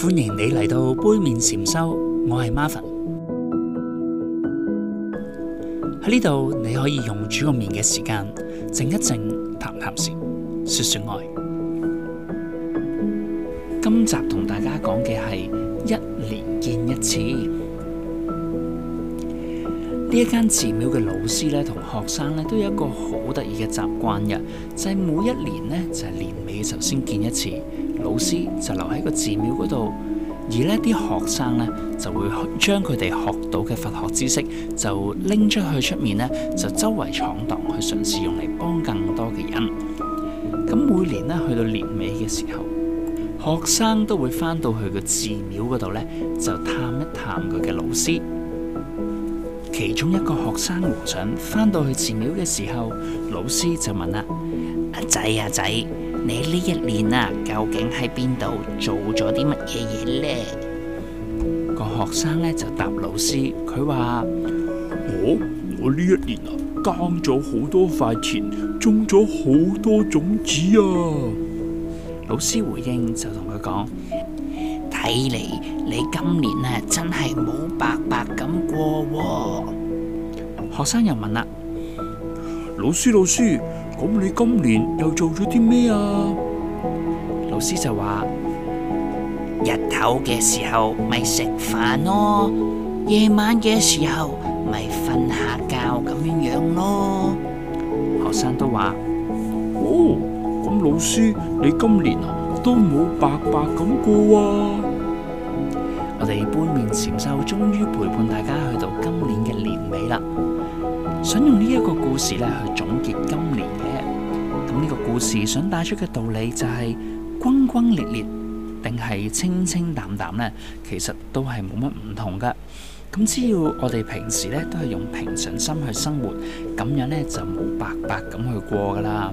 歡迎你嚟到杯麵禪修，我係 Marvin。喺呢度你可以用煮個麵嘅時間靜一靜，談談事，說說愛。今集同大家講嘅係一年見一次。呢一間寺廟嘅老師咧，同學生咧都有一個好得意嘅習慣嘅，就係每一年咧就係年尾就先見一次，老師就留喺個寺廟嗰度，而呢啲學生呢，就會將佢哋學到嘅佛學知識就拎出去出面咧，就周圍闖蕩去嘗試用嚟幫更多嘅人。咁每年咧去到年尾嘅時候，學生都會翻到去個寺廟嗰度呢就探一探佢嘅老師。其中一個學生和尚返到去寺廟嘅時候，老師就問啦：「阿、啊、仔啊仔，你呢一年啊，究竟喺邊度做咗啲乜嘢嘢呢？」個學生咧就答老師，佢話：我我呢一年啊，耕咗好多塊田，種咗好多種子啊！老師回應就同佢講。睇嚟，你今年啊真係冇白白咁過、哦。學生又問啦：老師，老師，咁你今年又做咗啲咩啊？老師就話：日頭嘅時候咪食飯咯，夜晚嘅時候咪瞓下覺咁樣樣咯。學生都話：哦，咁老師你今年啊都冇白白咁過啊！杯麵禪修終於陪伴大家去到今年嘅年尾啦，想用呢一個故事咧去總結今年嘅，咁、這、呢個故事想帶出嘅道理就係轟轟烈烈定係清清淡淡呢？其實都係冇乜唔同噶。咁只要我哋平時咧都係用平常心去生活，咁樣咧就冇白白咁去過噶啦。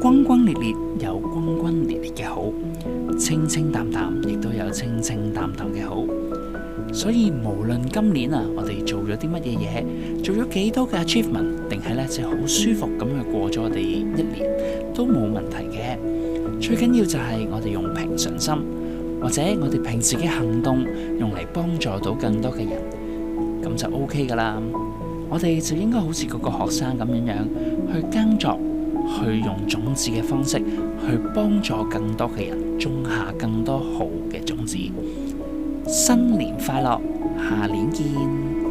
轟轟烈烈有轟轟烈烈嘅好。清清淡淡，亦都有清清淡淡嘅好。所以無論今年啊，我哋做咗啲乜嘢嘢，做咗幾多嘅 achievement，定係呢，就好、係、舒服咁去過咗我哋一年，都冇問題嘅。最緊要就係我哋用平常心，或者我哋平時嘅行動,用嚟幫助到更多嘅人，咁就 OK 噶啦。我哋就應該好似嗰個學生咁樣樣去耕作。去用種子嘅方式，去幫助更多嘅人種下更多好嘅種子。新年快樂，下年見。